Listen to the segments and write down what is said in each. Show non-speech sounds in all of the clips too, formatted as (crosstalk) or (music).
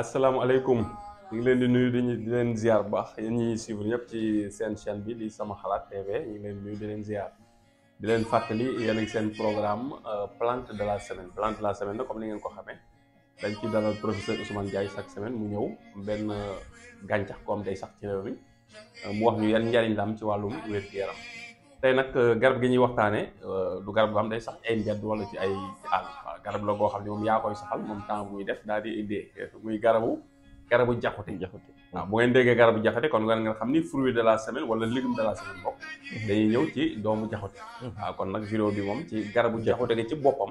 asalaamaaleykum ñu leen di nuyu di leen ziar bax yeen ñi suivre ñep ci sen chaîne bi di sama xalat TV ñu leen nuyu di leen ziar di leen fatali yeen ak sen programme euh, plante de la semaine plante de la semaine nag comme ni ngeen ko xamé dañ ci dalal professeur Ousmane Diaye chaque semaine mu ñew ben euh, gantax ko am day sax ci rew bi euh, mu wax ñu yeen njariñ la ci walum wër gi yaram tay nak garab gi ñi waxtane du garab bu am day sax ay mbedd wala ci ay àll garab la boo xam ne moom yaa koy saxal moom temps muy def daal di indi euh, muy garabu garabu jaxute jaxute waaw bu ngeen déggee garabu jaxute kon nga nga xam ni fruit de la semaine wala légume de la semaine bokk mhm. dañuy ñëw ci doomu jaxute mhm. waaw kon nag vidéo bi moom ci garabu jaxute gi ci boppam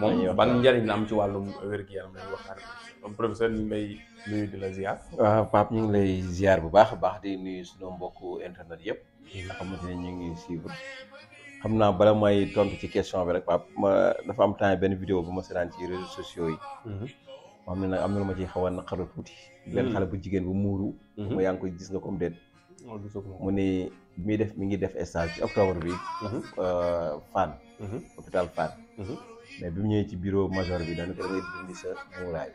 moom ban njëriñ la am ci wàllum wér-gu-yaram lañu waxtaan professeur ñu ngi lay nuyu di la ziar waaw Pape ñu ngi lay ziar bu baax a baax di nuyu suñu mbokku internet yëpp nga ne ñu ngi suivre xam naa bala may tontu ci question bi rek Pape ma dafa am temps benn vidéo bu ma seetaan ci réseaux sociaux yi. Mhm. ma xam ne nag am na lu ma ci xaw a naqaru tuuti. Mhm. benn xale bu jigéen bu muuru. mu mhm. yaa ngi koy gis nga comme déet. Oh, mu ni mi def mi ngi def stage ci octobre bi. Euh, Fann. hôpital Fann. mais bi mu ñëwee ci bureau major bi daanaka da ngay dindi sa muuraay.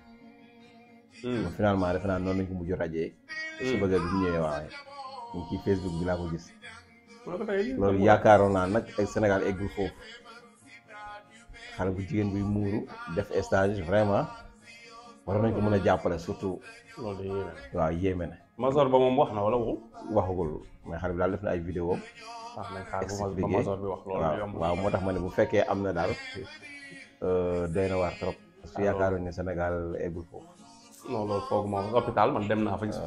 finalement defe naa noonu lañ ko rajee. su bëggee bi mu ñëwee waaye. ci Facebook bi laa ko gis. loolu yaakaaroon naa nag ay Sénégal eggul foofu xale bu jigéen buy muuru def stage vraiment war nañ ko mën a jàppale surtout. loolu yéeme na waaw yéeme na. ba moom wax na wala waxul. waxagul mais xale bi daal def na ay vidéo wax nañ ah, xaar ba Masor bi wax loolu waaw moo tax ma ne bu fekkee am na daal euh, doy na waar trop. su ah, yaakaaroon ne Sénégal eggul foofu. non loolu foog moom hôpital man dem naa fa gis.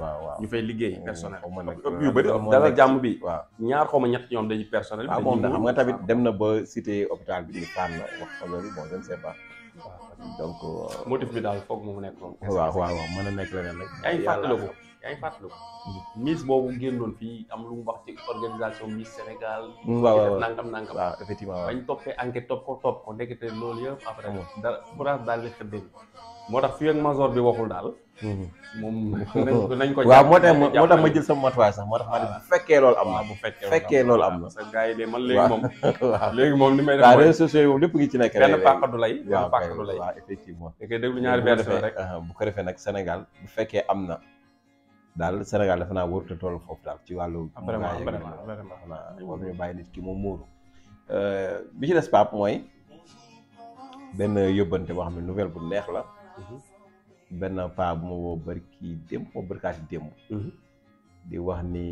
waaw waaw ñu fay liggéey mm, personnel. Euh, yu bëri dala jàmm bi. waaw ñaar xaw ma ñett ñoom dañuy personnel. dañuy moom xam nga tamit dem na ba cité hôpital bi ñu fànn wax ko loolu bon je ne sais pas. donc. Euh, motif bi daal foog mu nekk moom. waaw waaw mën na nekk leneen rek. yaa ngi fàttaliku yaa ngi fàttaliku. Miss boobu génnoon fii am lu mu wax ci organisation Miss Sénégal. Mm, waaw waaw nangam nangam. waaw effectivement waaw bañ toppee enquête topp ko topp ko loolu yëpp après dara courage daal di xëddee moo tax fi ak masoor bi waxul daal. Mhm. moom nañ ko. waaw moo tax moo tax ma jël sama matuwaay sax moo tax ma ne bu fekkee loolu am na. fekkee loolu am na parce que man léegi moom. (laughs) léegi moom li may def mooy waaw réseaux ngi ci nekk rek. benn pàq du lay benn pàq du lay. waaw effectivement. da koy déglu rek. bu ko defee nag Sénégal bu fekkee am na. daal Sénégal dafa naa wërta toll foofu daal ci wàllu. Ah, vraiment vraiment vraiment war ñu bàyyi nit ki moom mooro euh, bi ci des Pape mooy benn yóbbante boo xam ne nouvelle bu neex la benn paa bu ma woo barki démb moo barkaati démb mhm. di wax ni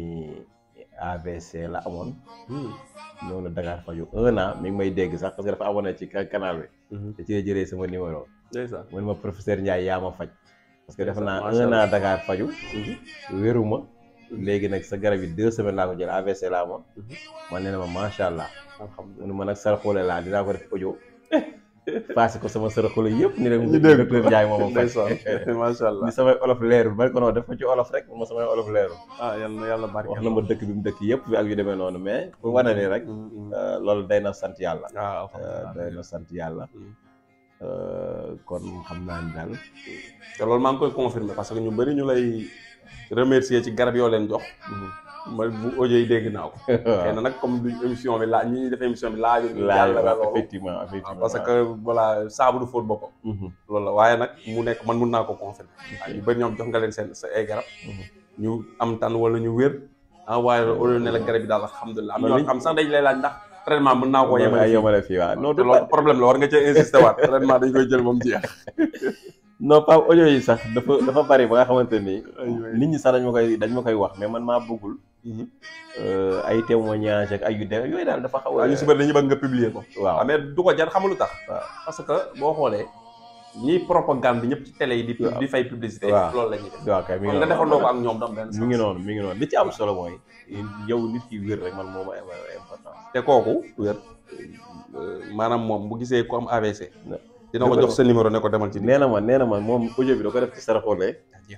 AVC la amoon mhm. ñëw na Dakar faju un an ngi may dégg sax parce que dafa abonné ci canal bi da mhm. ci sama numéro mu ne ma professeur Ndiaye yaa ma faj parce que def naa un an Dakar faju wéruma léegi nag sa garab yi deux semaines laa ko jël AVC laa amoon man nee ma macha allah mu ne ma nag laa dinaa ko def audio eh, passé ko sama sërëxula yëpp ni leen ñu dégg leen jaay moom macha (laughs) allah ni samay olof leerul man ko noonu def ko ci olof rek ma samay olof leerul ah yàlla na yàlla barke wax na ma dëkk bi mu dëkk yëpp bi ak yu demee noonu mais pour wane ni rek mm, mm, mm. Euh, loolu day na sant yàlla ah, euh, day na sant yàlla euh, kon xam naa ni daal te loolu maa ngi koy confirmer parce que ñu bëri ñu lay remercier ci garab yoo leen jox mm-hmm. ma bu audio yi dégg naa ko. (laughs) xëy na nag comme émission bi laa ñi ñuy def émission bi laajul. laajul waaw effectivement ah, effectivement parce que voilà saabu du fóot boppam. Mm-hmm. loolu la waaye nag mu nekk man mun naa ko confirmer. Ah, ñu bëri ñoom jox ay garab. Mm-hmm. ñu am tan wala ñu wér. ah waaye loolu ne la garab yi daal alhamdulilah. am ñoo dañ lay laaj ndax. traitement mën naa koo yemale dañ koy jël moom jeex. (laughs) non Pape audio yi sax dafa dafa bari ba nga xamante ni. nit ñi sax dañ ma koy dañ ma koy wax mais man maa bëggul Euh, ay témoignage ak ay yu demee yooyu daal dafa xaw a. ñu si bëri dañuy bëgg nga publier ko. waaw ah, mais du ko jar xamalu tax. parce que boo xoolee. ñiy propagande bi ñëpp ci télé yi di. fay publicité. waaw loolu la ñuy def. waaw kay nga defandoo ko ak ñoom dam benn. mi ngi noonu mi ngi noonu li ci am solo mooy. yow nit ki wér rek man moom ay importance. te kooku wér maanaam moom bu gisee ku am AVC. dina ko jox sa numéro ne ko demal ci. nee na ma nee ma moom audio bi da ko def ci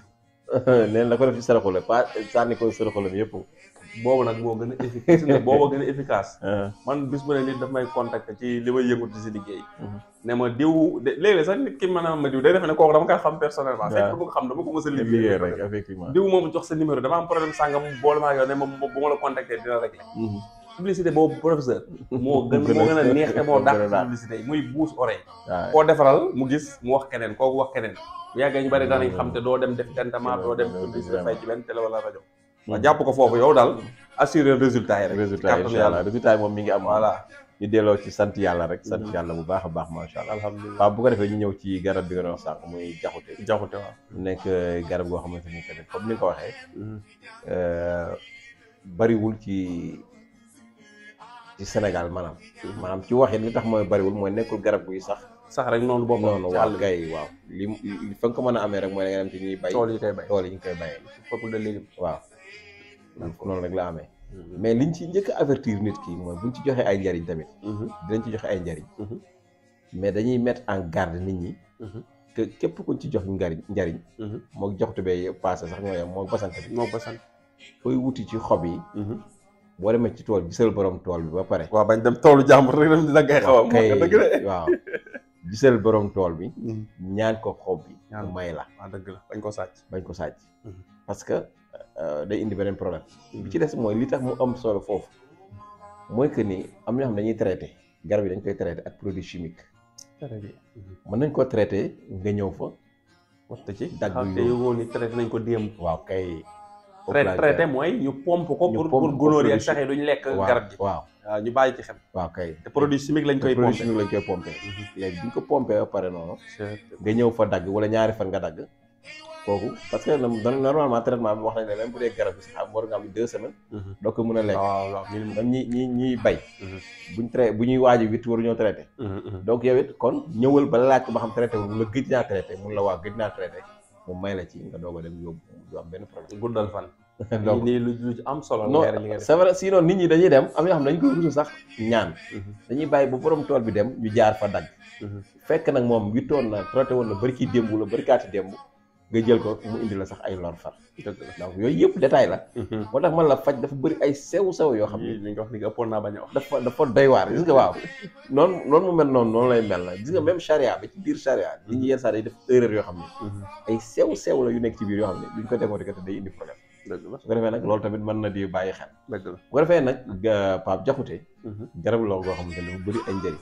(laughs) neen na ko def ci saraxule pa sànni ko saraxulam yëpp. boobu nag moo gën a efficace (laughs) ah. man bis bu ne nit daf may contacter ci li may yëngut si liggéey. Mhm. ne ma diw léeg-léeg sax nit ki mën a ma diw day defe ne kooku dama koy xam personnellement. waaw ah. ko xam dama ko mos liggéey rek diw moom jox sa numéro dama am problème sàngam boole maa yow ne ma bu ma la contacter dina régler. Mhm. publicité boobu professeur. moo gën moo gën a neex te moo dàq publicité yi muy buus oreille. koo defaral mu gis mu wax keneen kooku wax keneen. bu yàggee ñu bari daanañ xam te doo dem def tentement doo dem publicité fay ci benn télé wala rajo. waaw jàpp ko foofu yow daal assurer résultat yi rek. résultat yi moom mi ngi am. voilà ñu delloo ci sant yàlla rek. sant mm-hmm. yàlla bu baax a baax macha allah. alhamdulilah waaw bu ko defee ñu ñëw ci garab bi nga doon sànq muy jaxute. jaxute waaw mu nekk euh, garab goo xamante ni tamit comme ni nga ko waxee. Mm-hmm. Euh, bariwul ci. ci senegal maanaam. maanaam ci waxin li tax mooy bariwul mooy nekkul garab guy sax. sax rek noonu boobu noonu waaw kay li fa nga ko mën a amee rek mooy da nga dem koy bay tool yi ñu koy bayee peuple de légumes amee mhm. mais li ci njëkk a nit ki mooy buñ ci joxee ay njariñ tamit mhm. dinañ ci joxe ay njariñ mhm. mais dañuy mettre en garde nit ñi képp kuñ ci jox njariñ njariñ moo joxtu bee passé sax ñooy yem moo basante bi moo basante koy wuti ci xob yi boo demee ci tool gisal boroom tool bi ba pare. waaw bañ dem toolu jàmbur rek dem dina ngay xaw a. dëgg de waaw gisal boroom tool bi. Mm-hmm. ñaan ko xoob bi. may la waaw ah, dëgg la bañ ko sàcc. bañ ko sàcc. Mm-hmm. parce que euh, day indi beneen problème. Mm-hmm. bi ci des mooy li tax mu am solo foofu. mooy que nii am na ñoo xam dañuy traité garab yi dañ koy traité ak produit chimique. mën nañ ko traité nga ñëw fa. waxta ci dagg yu xaw nañ ko démb. waaw kay. traité mooy ñu pompe ko pour pour gunóor yi ak sax yi duñ lekk garab gi waaw waaw ñu bàyyi ci xel waaw kay produit chimique lañ koy produit chimique lañ koy pompe mhm. léegi ko pompe ba pare noonu nga ñëw fa dagg wala ñaari fan nga dagg kooku parce que normalement traitement bu wax nañ ne même bu dee garab bi sax war nga am deux semaines mhm. doo ko mën a lekk waaw ñuy bay mhm. buñ traité bu ñuy waaji wit waru ñoo traité donc yow it kon ñëwal ba laaj ko ba xam traité wu mun la gëj naa traité mun la waa gëj naa traité mu may la ci nga doog a dem yóbbu du am benn problème. guddal fan. (laughs) donc lii lu am solo. no sa nga c'est vrai nit ñi dañuy dem am yoo xam ne dañu koy rusu sax ñaan. Mhm. dañuy bàyyi bu borom tool bi dem ñu jaar fa dagg. Mhm. fekk nag moom wittoon na traité woon na bari kii démb la bari kaati démb nga jël ko mu indi la sax ay lor far. donc yooyu yëpp détail la mhm. moo tax man la faj dafa bëri ay sew sew yoo xam ne li nga wax ni nga ëppoon naa bañ a wax dafa dafa doy waar gis nga waaw noonu noonu mu mel noonu noonu lay mel la gis nga même charia ba ci biir charia nit ñi mhm. yenn saa day def erreur yoo xam ne mhm. ay sew sew la yu nekk ci biir yoo xam ne duñ ko décortiquer te day indi problème dëgg nag loolu tamit mën na di bàyyi xel. dëgg la bu ko defee nag Pape Diakhoute. garab la goo xamante ne dafa bëri ay njëriñ.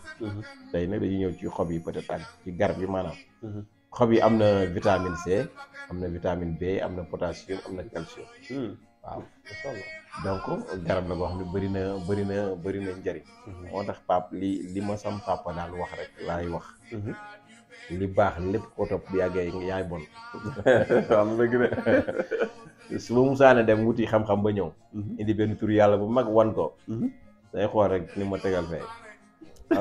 tey nag dañuy ñëw ci xob yi peut-être ci garab yi maanaam. xobi amna vitamin C amna vitamin B amna potassium amna na calcium. Hmm. waaw donc garab la bo xamni bari na bari na bari na njëriñ. Mhm. moo tax pap li li ma sam papa dal wax rek lay wax. Mhm. li bax lepp ko top bu yagge yaay bon. (laughs) am na gëne (laughs) su musa na dem wuti xam-xam ba ñew mhm. indi ben tour yalla bu mag wan ko. day xor rek ni ma tegal fee. (laughs)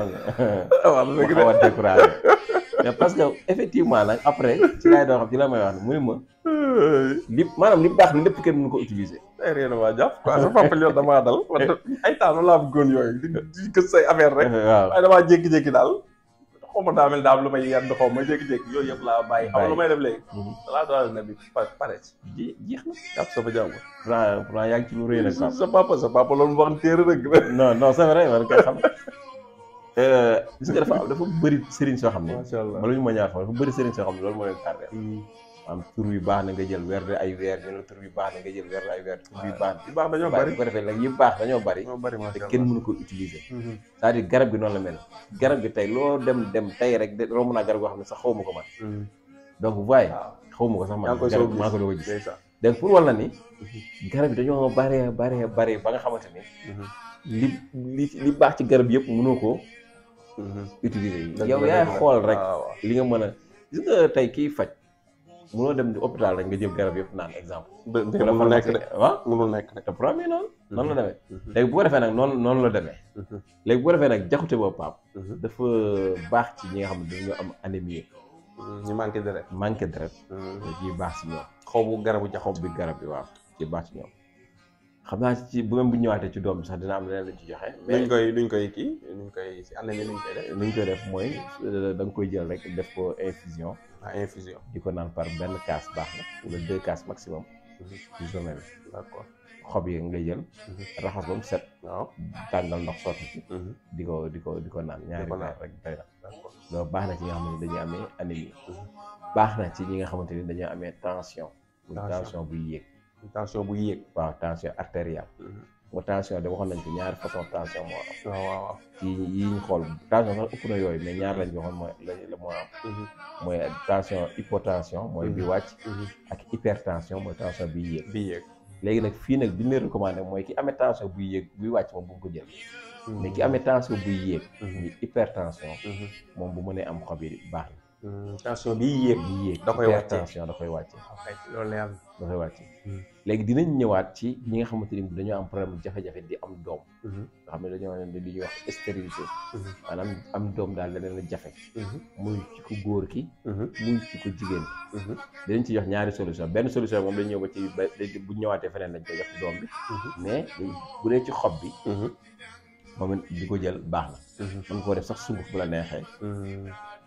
am na gën a mais parce que effectivement nag après ci laay doon xam ci la may wax mu ni ma li maanaam li baax ni lépp kenn mënu ko utiliser day réer waa jàpp quoi sa papa yoon damaa dal (laughs) ay temps laa bëggoon yooyu di gës say affaire rek (laughs) waaw waaye damaa jékki-jékki daal xaw ma daa mel daam lu may yenn xaw ma jékki-jékki yooyu yëpp laa bàyyi xam lu may def léegi mm-hmm. sa fa jàmm pourtant pourtant yaa ngi ci sa papa loolu mu wax téere rek non non c'est vrai man kay xam (laughs) Euh, gis nga dafa dafa bëri soo xam ne. macha lu ñu ma ñaar dafa bëri sëriñ soo xam ne loolu moo leen tardé. Hmm. am baax na nga jël weer ay weer ñu ne yu baax na nga jël weer ay weer tur yu baax yu baax dañoo bari bu ko defee nag yu baax dañoo bari te hmm. garab gi tey loo dem dem tey rek romb naa garab goo xam ne sax xaw ma ko man hmm. donc voyez ah. xaw ma ko sax man maa ko doo ko gis donc pour wala ni garab yi dañoo baree baree baree ba nga xamante ni li li li baax ci garab yëpp mënoo ko utiliser yi yow yaay xool rek li nga mën a gis nga tey kii faj mënoo dem di hôpital rek nga jël garab yëpp naan exemple mënul nekk de waaw mënul nekk de te premier noonu noonu la mhm. demee mhm. léegi bu defee nag noonu noonu la demee mhm. léegi bu ko defee nag jaxute boobu paap dafa baax ci ñi nga xam ne dañu am anémie ñu manqué deret manqué deret da baax si ñoom xobu garabu jaxob bi garab yi waaw ci baax ci ñoom xam naa ci bu même bu ñëwaatee ci doom bi sax dina am leneen lañ ci joxe. mais luñ koy luñ koy kii luñ koy si am def. mooy euh, da nga koy jël rek def ko infusion. ah infusion. di ko naan par benn kaas baax na wala deux kaas maximum. Mm-hmm. ci journée bi. xob yi nga jël. Mm-hmm. raxas ba set. waaw tàngal ndox sotti mm-hmm. di di ko di ko naan ñaari weer rek doy na. d'accord loolu baax na ci ñi nga xamante ne dañuy amee baax na ci ñi nga xamante ne dañoo amee tension. tension buy yéeg. tension bu yéeg. waaw tension artérielle. Mhm. ba tension de waxoon nañ fi ñaar façon tension moo am. waaw waaw yi ñu xool tension sax ëpp na yooyu mais ñaar lañ waxoon mooy la moo am. Mhm. mooy tension hypotension. mooy bi mhm. wàcc. ak hypertension mooy tension bi yéeg. léegi nag fii nag bi ñu leen mooy ki amee tension buy yéeg buy wàcc moom bu mu ko jël. mais ki amee tension buy yéeg. muy moom bu mënee am xob yi baax Mm, tension bi yéeg bi yéeg da koy wàccee koy wàccee loolu lay am da koy wàccee mm. léegi dinañ ñëwaat ci ñi nga xamante ni dañoo am problème jafe-jafe di am doom mm-hmm. nga xam ne dañoo ne di ñuy wax stérilité mm-hmm. maanaam am doom daal da leen jafe mm-hmm. muy ci góor ki muy ci jigéen ki ci jox ñaari solution benn solution moom dañ ñëw ba ci bu ñëwaatee feneen lañ koy jox ci doom bi mais bu dee ci xob bi moom di ko jël baax na mën koo def sax sunguf bu la neexee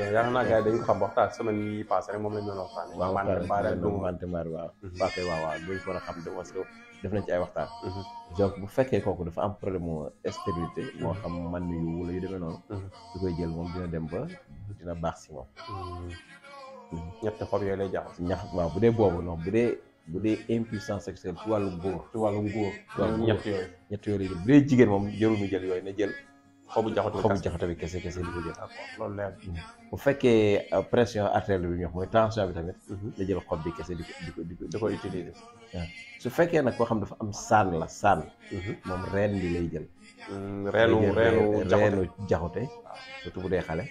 yaakaar naa gars yi dañu ko xam waxtaan semaine yi passé rek moom la ñu doon waxtaan. waaw Bante waaw. waaw waaw dañu ko xam de parce que def nañ ci ay waxtaan. donc bu fekkee kooku dafa am problème mu stérilité moo xam man yu wala yu demee noonu. su koy jël moom dina dem ba dina baax si moom. ñett xob yooyu lay jaxas. ñax waaw bu dee boobu noonu bu dee bu dee impuissance sexuelle ci wàllum góor. ci wàllum góor. ñett yooyu ñett yooyu lay bu dee jigéen moom jarul mu jël yooyu na jël. xobu jaxatu bi xobu bi kese kese di ko jël. Ah, loolu leer mm-hmm. bu fekkee euh, pression artérielle bi ñu wax mooy tension bi tamit. Mm-hmm. da jël xob bi kese di ko di ko di ko utiliser. Ah. su fekkee nag koo xam dafa am saan la saan. Mm-hmm. moom reen bi lay jël. Mm, reenu reenu reenu jaxute ah. surtout bu dee xale.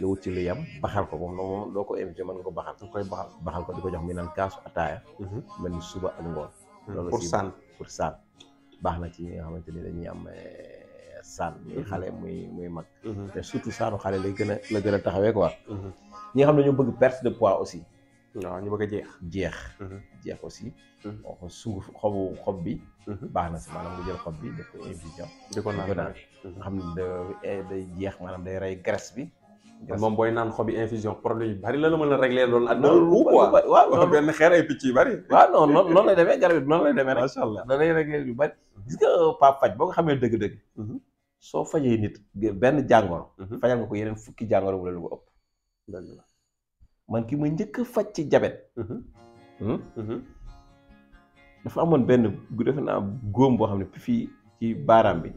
lu wut ci lu yam baxal ko moom moom doo ko invité man ko baxal. nga koy ko di ko jox mi naan kaasu ataaya. mel ni suba ak ngoon. loolu pour saan pour baax na ci ñi nga xamante ni dañuy am. Eh, saan muy mhm. muy muy mag mhm. te surtout saanu lay gën la gën a taxawee quoi mhm. ñi nga xam ne ñu bëgg perte de pois aussi waaw ñu bëgg a jeex jeex jeex aussi ko sunguf xobu xob bi baax na si maanaam nga jël xob bi def ko infusion di ko naan nga xam ne eh, day jeex maanaam day rey graisse bi moom booy naan xobi infusion problème yu bari la la mën a réglé loolu ak loolu quoi waaw benn xeer ay picc yu bari waaw non noonu noonu lay demee garab bi noonu lay demee rek macha allah danay réglé gis nga pap faj boo ko xamee dëgg-dëgg soo fajee nit benn jàngoro. Mhm. fajal nga ko yeneen fukki jàngoro wala la ko ëpp. man ki ma njëkk a faj ci jabet. Mhm. Hmm? Mhm. dafa amoon benn gu defe naa góom boo xam ne fii ci baaraam bi.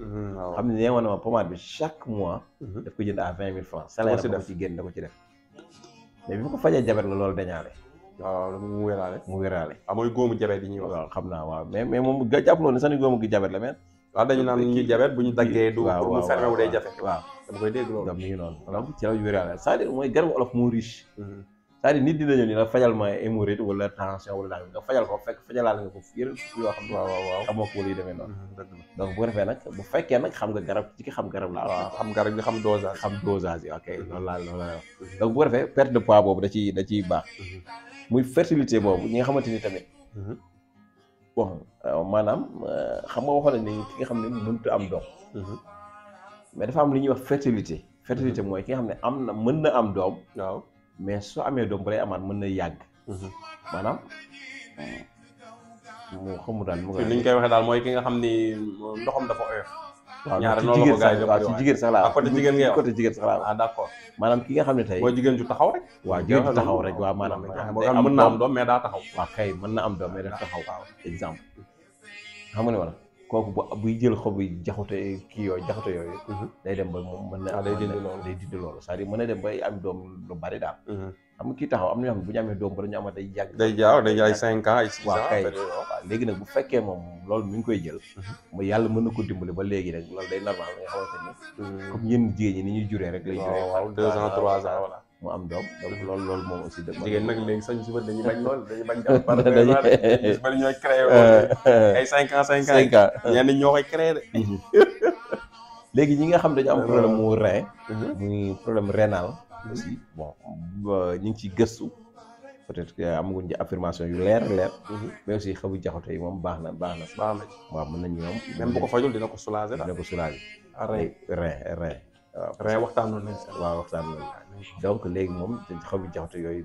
xam ne nee woon na ma pommade bi chaque mois. daf ko jënd à vingt mille francs. salaire ko ci génn da ko ci def. mais bi ma ko fajee jabet la loolu dañaale. mu wéraale. mu wéraale. ah góomu jabet yi ñuy wax. xam naa waaw mais mais moom jàpp na woon ne sax ni góomu gi jabet la mais. waaw dañu naan ñi jabet bu ñu daggee du pour mu fermé wu dee jafe waaw dama koy dégg loolu mi ngi noonu donc ci law wéral c'est-à-dire mooy garabu moo riche mhm. c'est-à-dire nit dinañu ni fajal ma hémorroïde wala tension wala daal nga fajal ko fekk fajalaal nga ko yeneen yoo xam waaw waaw xamoo ko yi demee noonu mhm, donc bu refee nag bu fekkee nag xam nga garab ci ki xam garab la waaw xam garab bi xam dosage xam dosage yi ok loolu laa loolu laa mhm. donc bu refee perte de pois boobu da ci da ciy baax muy fertilité boobu ñi nga xamante ni tamit bon euh, maanaam euh, xam nga waxoon nañ ne ki nga xam ne mënut am doom. Mhm. mais dafa am lu ñuy wax fertilité. fertilité mhm. mooy ki nga xam ne am na mën na am doom. waaw mais soo amee doom bu lay amaat mën na yàgg. Mhm. maanaam euh, mu xamul daal mu. koy waxee daal mooy ki nga xam ni ndoxam dafa oyof. ñaare loolu la ko gars yi waaw ci jigéen sax ah, ki nga xam ne tey mooy jigéen taxaw rek waaw jigéen ju na am doom mais daa taxaw waaw kay mën na am doom mais daa taxaw exemple xam nga koku bu buy jël xobu jaxute ki yooyu jaxoto yooyu. Mhm. day dem ba mo mën na. day dindi loolu day dindi loolu sa di dire mën na dem bay am dom lu bari daal. Mhm. am ki taxaw am ñu ñoo xam ne bu ñu amee dañu amat day yàgg. day jaw day jay 5 ans ay six ans. waaw kay waaw léegi bu fekke mom loolu mi ngi koy jël. Mhm. mu yalla mën ko dimbali ba léegi nag loolu day normal nga xamante ni. comme yenn jigeen ñi ni ñuy juree rek. lay juré 2 ans 3 ans voilà. mu am doom donc loolu loolu moom aussi. dëgg jigéen nag léegi sañ suba dañuy bañ lool dañuy bañ. (laughs) dañuy dañuy bari ñooy créé (laughs) ñoo koy créé (laughs) léegi ñi nga xam dañu am problème mu rein. Mhm. muy problème rénal. Mhm. aussi bon ñu ngi ciy gëstu. peut-être que amaguñ ci affirmation yu leer leer. Mhm. mais aussi xabu jaxote yi moom baax na baax na. baax na waaw mën nañu ñoom. même bu ko fajul dina ko soulager daal dina ko ah, rein rein. waaw ren waxtaanoon nañ sax waaw waxtaanoon nañ donc léegi moom xaw bi jaxatu yooyu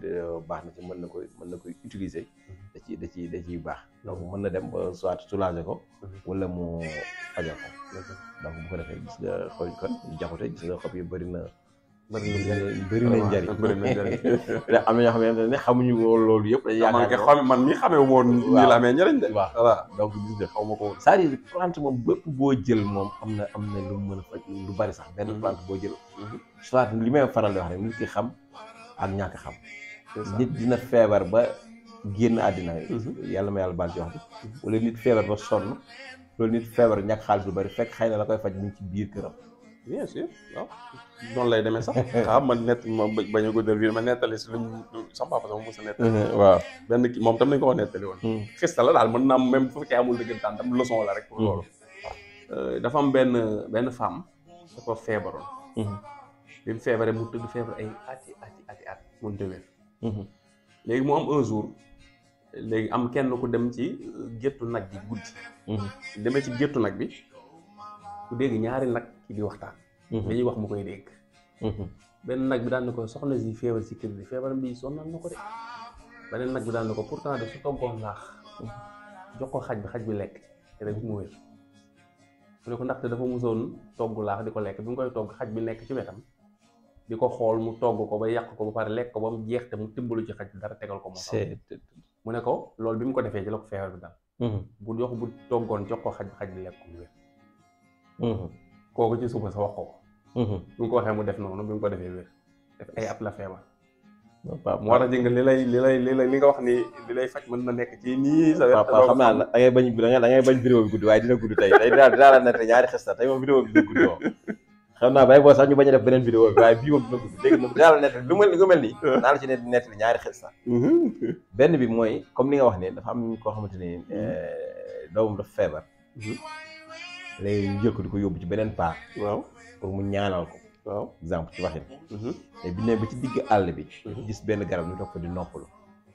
baax na ci mën na koy man na koy utiliser mhm. da ci da ci da ciy baax donc mën na dem ba soit soulager ko mhm. wala mu fajal ko donc bu defee gis nga xool kon jaxute gis nga xob yi bëri na bëri na njëriñ bëri na njëriñ bëri (laughs) na am na ñoo xamante ne xamuñu woon loolu yëpp dañuy yaakaar xam man mi xamee woon nii amee njëriñ de voilà donc gis nga xaw ko woon cest à boo jël moom am na am na lu a lu bari sax benn mhm. plante boo jël mhm. soit li may faral di wax rek nit ki xam ak ñàkk xam nit dina feebar ba génn àddina mhm. yàlla ma yàlla baal ci wax bi nit feebar ba sonn loolu nit feebar ñàkk xaalis lu bari fekk xëy na la koy faj ñu ci biir këram bien sûr waaw noonu lay demee sax ah man nett ma bañ mm. a guddal bi ma nettali si lu sama papa sama mos a nettali waaw benn moom tam nañu ko wax nettali woon xista mën naa même bu fekkee amul dëggantaan tam leçon la rek pour dafa am benn benn femme dafa feebaroon feebar ay ati ati ati at mun léegi mu am un jour léegi am kenn ku dem ci eh, géttu nag bi guddi demee ci géttu nag bi ku dégg ñaari nag ci di waxtaan. Mhm. li ñuy wax mu koy dégg. Mhm. benn nag bi daan na ko soxna si feebar si kër bi feebar bi sonal na beneen nag bi daan na ko pourtant de su toggoon laax mhm. jox ko xaj bi xaj bi lekk te rek mu wér mu ne ko ndaxte dafa musoon togg laax di ko lekk bi koy togg xaj bi nekk ci wetam di ko xool mu togg ko ba yàq ko ba pare lekk ko ba mu jeex te mu tëmbalu ci xaj bi dara tegal ko moom mu ne ko loolu bi mu ko defee ci la ko feebar bi dal bu jox bu toggoon jox ko xaj bi xaj bi lekk ko mu wér kooku ci suba sa wax ko. Mhm. bu ñu ko waxee mu def noonu bi mu ko defee wér def la waaw moo tax nga li lay li lay li li nga wax ni li lay mën na nekk ci nii. sa wér xam naa da ngay bañ da bañ bi gudd waaye dina gudd tey tey dinaa na tey moom vidéo bi xam naa bàyyi boo sax ñu bañ a def beneen vidéo bi waaye bii moom dina gudd léegi moom dinaa la nette lu mel lu mel nii. (laughs) naa la ci nett li ñaari xes na. Mhm. benn bi mooy comme ni nga wax ne dafa am koo xamante ni mhm. eh, doomam dafa feebar. léegi ñu jëkk di ko yóbbu ci beneen paax. waaw pour mu ñaanal ko. waaw exemple ci waxin. te mhm. bi ne ba ci digg àll bi. Mhm. gis benn garab ñu toog ko di nopp noppalu.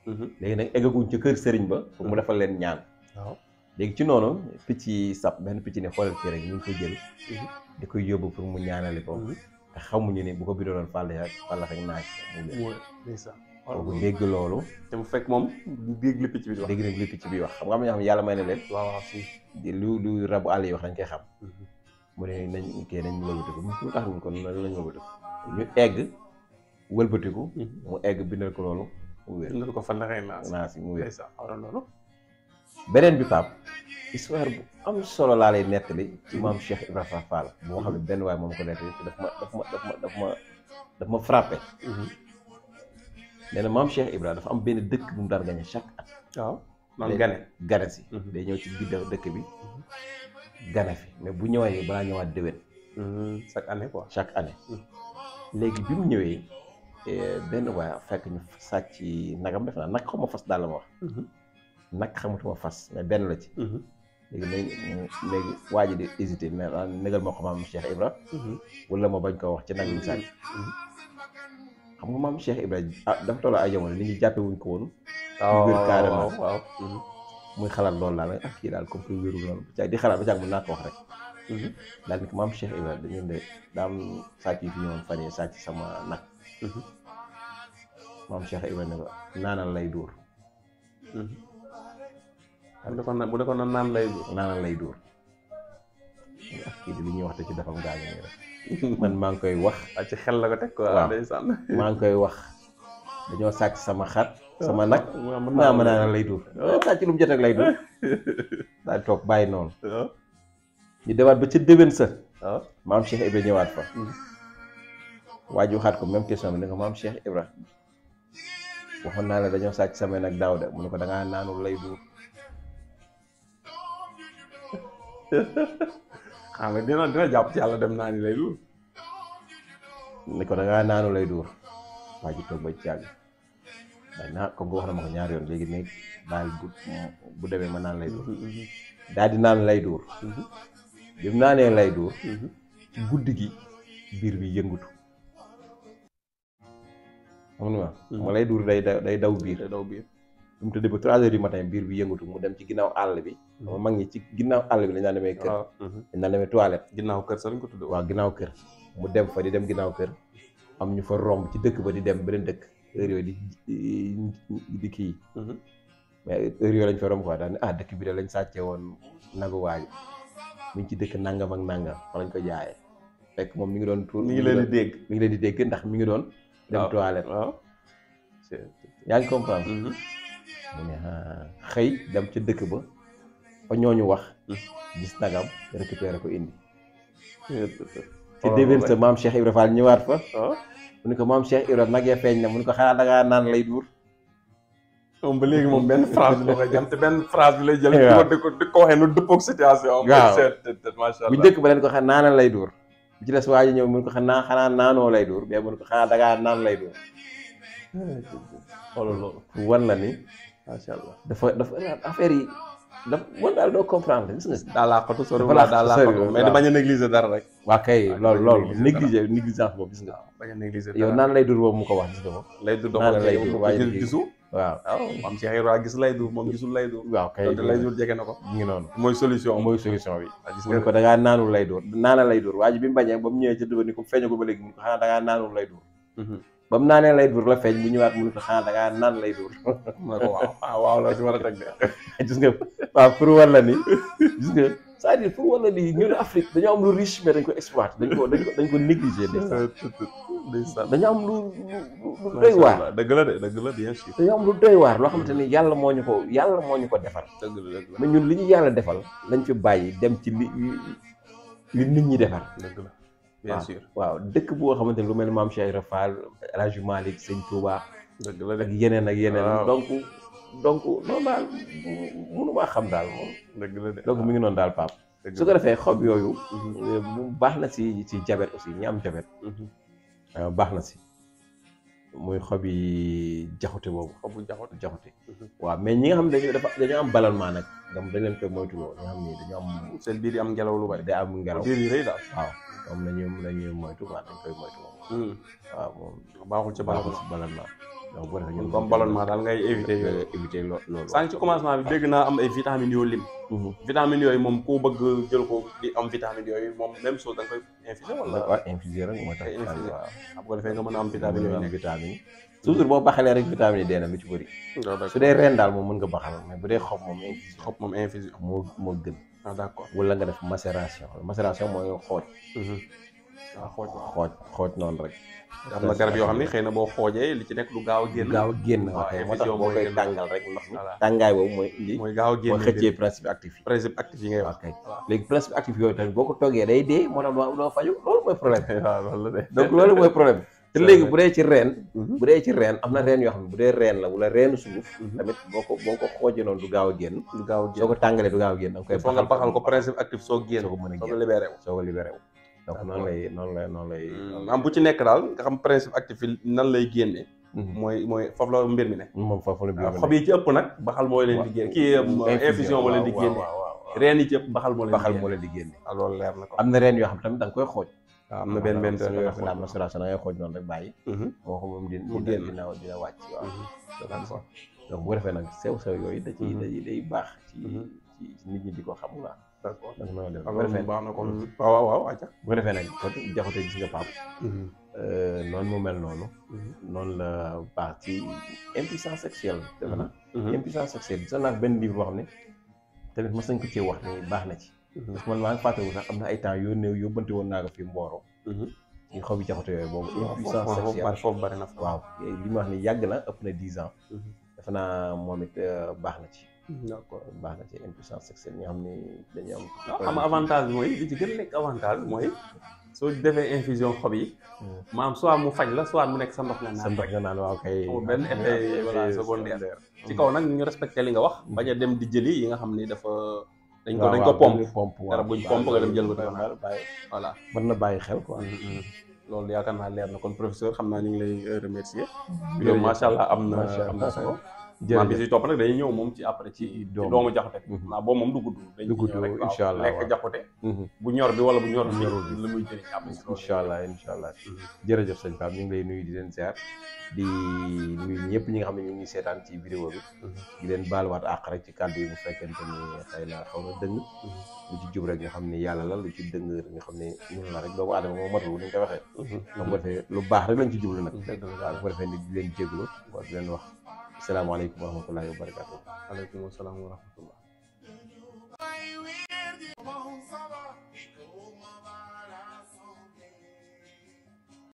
Mhm. léegi nag eggaguñ ci kër sëriñ ba. pour mu defal leen ñaan. waaw léegi ci noonu picc yi sab benn picc ne xoolal kii rek ñu ngi ko jël. di koy yóbbu pour mu ñaanali ko. te xamuñu ne bu ko bidoonoon fàllax ak fàllax ak mu wóor kooku dégg loolu te bu fekk moom dégg li picc bi wax li picc bi wax xam nga am na xam yàlla may na leen waaw waaw si lu lu rabu àll yi wax dañ koy xam mhm. mu ne nañ kee nañ wëlbatiku lu tax ñu kon lan lañ wëlbatiku ñu egg wëlbatiku mhm. mu egg bindal ko loolu mu wér ko fan la naa si mu wér loolu beneen bi Pape histoire bu am solo laa lay nettali ci maam Cheikh Ibrahima Fall moo xam ne mhm. benn waay moom ko nettali daf ma daf ma daf ma daf ma daf nee na maam Cheikh Ibra dafa am benn dëkk bu mu daan gañe chaque at. waaw maam gane gane si. Mhm. day ñëw ci biir dëkk bi gane fi mais bu ñëwee balaa ñëwaat déwén. Mhm. chaque année quoi chaque année. Mhm. léegi bi mu ñëwee eh, benn waa fekk ñu sàcc nagam def naa nag xaw fas daal la ma wax. nag xamatuma fas mais benn la ci. léegi léegi waa ji de hésité mais ah négal ma ko maam Cheikh Ibra. wala ma bañ koo wax ci nag ñu sàcc. xam nga maam Cheikh Ibrahima ah dafa toll ay jamono nit ñi jàppe wuñ ko woon. Ah, waaw wér carrément waaw mm-hmm. muy xalaat loolu daal ah, rek. Mm-hmm. daal ni ko maam Cheikh ne daam sàcc yi fi ñëwoon fan yii sàcc sama nag. Mm-hmm. maam Cheikh Ibrahima ne naanal lay dóor. bu defoon bu naanal lay dóor. kii ya. (laughs) di li ñuy wax te ci dafa gaañ (laughs) rek man maa ngi koy wax ci xel la ko wah, quoi waaw ndeysaan ngi koy wax dañoo sàcc sama xat sama nag maa mën naa lay duur sàcc lu mu jot ak lay duur daal toog bàyyi noonu ñu demaat ba ca déwén sa maam Cheikh Ibra ñëwaat fa waa ji waxaat ko même question bi ne ko maam Cheikh Ibra waxoon naa la dañoo sàcc sama nag daw, de mu ne ko da ngaa naanul lay duur xam ah, nga dina dina jàpp ci yàlla dem naani lay duur ni ko da naanu lay duur waa ji toog ba ci yàgg daal naa ko ñaari yoon léegi ne daal ma naan lay duur daal di lay duur bi mu naanee lay duur ci guddi biir bi yëngatu xam nga hmm. lay duur day daw biir mu tëddee ba trois heures du matin biir bi yëngatu mu dem ci ginnaaw àll bi. Mhm. xam mag ñi ci ginnaaw àll bi dañ daan demee kër. waaw ah, dañ mhm. daan demee toilette. ginnaaw kër sax lañ ko tudd. waaw ginnaaw kër mu dem fa di dem ginnaaw kër am ñu fa romb ci dëkk ba di dem beneen dëkk heure yooyu di di kii. Mhm. mais heure yooyu lañ fa romb quoi daal ne ah dëkk bi de lañ sàccee woon nagu waaj mi ngi ci dëkk nangam ak nangam fa lañ ko jaayee fekk moom mu ngi doon. tuur mi ngi leen di dégg mi ngi leen di dégg ndax mi ngi doon. dem ah. toilette waaw ah. yaa ngi mu ne ah, xëy dem ca dëkk ba fa ñooñu wax hmm, gis nagam récupéré ko indi ci oh, déwén sa mam Cheikh Ibra Fall ñëwaat fa oh. mu ne ko mam Cheikh Ibra nagé ya feñ na mu ne ko da nga naan lay dur moom ba légui mom ben phrase la koy te phrase bi lay jël di ko di ko waxee nu dëppoog situation ma sha allah bu dëkk ba len ko xam naan lay dur ci dess waa ji ñëw mun ko xam naa xanaa naanoo lay dóor mais mun ko da nga naan lay dóor wan la ni macha allah dafa dafa affaire yi dafa man daal doo comprendre gis nga. daal laaxatu sori wala daal laaxatu mais bañ a négliger dara rek. waa kay loolu loolu négliger négligence boobu gis nga. bañ a négliger dara naan lay dur boobu mu ko wax gis nga moom. lay lay dur gis lay dur moom gisul lay dur. jege na ko. mu ngi noonu mooy solution mooy solution bi. Ah, gis nga ko da ngaa naanul lay dur naana lay dur waa ji bi mu bañee ba mu ñëwee ca Duba ni ko feeñagul ba léegi mu ko xanaa da naanul lay dur mhm. ba mu naanee lay dur la feeñ bu ñëwaat mu ne ko xanaa da naan lay dur. (laughs) ma ko waaw ah waaw loolu si war a de. (laughs) gis nga waaw pour wala ni gis nga wala ni ñun Afrique dañoo am lu riche ko exploité dañ ko dañ ko dañ ko négligé. ndeysaan dañoo am lu lu lu dëgg la de dëgg la am lu doy loo xamante ni yàlla moo ñu ko yàlla moo ñu ko defal. dëgg la dëgg ñun li ñu yàlla defal lañ fi bàyyi dem ci li li nit ñi defal. dëgg bien waaw dëkk boo xamante ni lu mel ni maam Cheikh Rafal El Hadj Malick Sëñ Touba. dëgg la yeneen ak yeneen. donc donc noonu daal mënumaa xam daal moom. dëgg la de mi ngi noon daal Pape. su ko defee xob yooyu. Mhm. Euh, mu baax na si si jabet aussi ñi am jabet. Mhm. Ah, baax na si. muy xob yi jaxute boobu. xobu jaxute jaxute. Mhm. waaw mais ñi nga xam ne dañu dafa dañoo am ballonnement nag. dam dañ leen koy moytu loo nga am. seen biir yi am ngelaw lu bari. day am ngelaw biir yi rëy daal. waaw moom la ñuy la ñuy moytu quoi dañ koy moytu moom. Hmm. waaw moom baaxul ci ballonnement baaxul ci ballonnement. donc bu rafet ñun comme ballonnement daal ngay éviter yooyu. éviter loolu sànq ci commencement bi dégg naa am ay vitamines yoo mm-hmm. yooyu moom ku bëgg jël ko am vitamines yooyu moom même chose da nga koy infuser wala. waaw defee nga mën a am vitamines yooyu. vitamines toujours boo baxalee rek vitamine D na lu ci bëri. Ah, su dee reen daal moom mën nga baxal mais bu dee xob moom infusion. moom moo moo gën. ah d'accord wala mhm. noonu rek. am na garab yoo xam ne xëy na boo xoojee li ci nekk du gaaw a génn. gaaw a génn ah, waaw moo tax boo koy tàngal rek ndox mi tàngaay boobu mooy indi. mooy gaaw a génn boo xëccee principe actif yi. principe actif yi ngay wax kay. léegi principe actif yooyu tamit boo ko toggee day dee moo tax doo faju loolu mooy problème. (laughs) waaw loolu mooy problème te léegi bu dee ci reen mhm. bu dee ci reen am na reen yoo xam ne bu dee reen la wala reenu suuf mhm. tamit boo ko boo ko xooje noonu du gaaw a génn du gaaw a génn soo ko tàngalee du gaaw a génn da nga ko principe actif soo génn ko mën a hmm. am bu ci nekk daal nga xam principe actif nan lay génne mhm. mooy mooy foofu la mbir mi moom foofu la mbir mi ah, ne xob yi ci ëpp moo leen di génn kii euh, di génne reen yi ci ëpp baxal moo leen baxal di génne ah, loolu leer na am na reen yoo xam tamit da nga koy xooj waaw am na benn benn benn yoo xam ne am na solaas da ngay xooj noonu rek bàyyi. moo mhm. ko moom dina dina wàcc waaw. Mhm. donc defee nag sew sew yooyu. da ci mhm. da day baax. ci ci nit ñi di ko xam waaw. d' accord da nga ko defee na ko ah, waaw waaw waaw acca bu ko defee nag kon jaxute gis nga paap. Euh, noonu mu mel noonu. noonu la baax ci impuissance sexuelle bi. defe naa impuissance sexuelle bi sax naa benn livre boo xam ne tamit mos nañ ko cee wax ni baax na ci. ndax man maa ngi fàttewu sax am na ay temps yoo néew yóbbante woon naa ko fii Mboro. ñu mhm. xaw bi jaxatu yooyu boobu. Ah, impuissance sexuelle foofu bari li wax ni na ëpp na dix ans. Mhm. defe naa euh, baax na ci. d'accord baax na ci impuissance sexuelle ñi nga xam ni dañuy am. xam ah, avantage mooy li ci gën a nekk avantage mooy. soo defee infusion xob yi. maanaam hmm. soit mu faj la soit mu nekk sa ndox nga naan. sa ndox nga naan waaw kay. benn effet voilà ci kaw nag ñu respecté li nga wax. Hmm. bañ a dem di jëli yi nga xam ni dafa. dañ ko dañ ko pomp garab guñ pomp nga dem jël ko dafa daal bàyyi voilà mën na bàyyi xel quoi loolu yaakaar naa leer na kon professeur xam naa ñu ngi lay euh, remercier mm-hmm. yow macha allah am na am na solo jërëjëf bi si topp nag dañuy ñëw moom ci après ci doomu jaxute naa mhm. boobu moom du gudd dañu gudd rek incha allah mhm. la muy jëriñ am incha allah incha allah mhm. ñu ngi lay nuyu di leen ziar di nuyu ñëpp ñi nga xam ne ñu ngi seetaan ci vidéo bi di leen baaluwaat àq rek ci kàddu yi bu fekkente ni xëy na xaw na dëng lu ci jub rek nga xam ne yàlla la lu ci dëng nga xam ne ñun la rek doomu aadama moo matul ni ñu ko waxee lu baax rek lañ ci jublu nag waaw bu ko defee ni di leen jéglu wa di leen wax salaamaaleykum wa rahmatullahi wa barakaatu. aleykum salaam wa rahmatullah.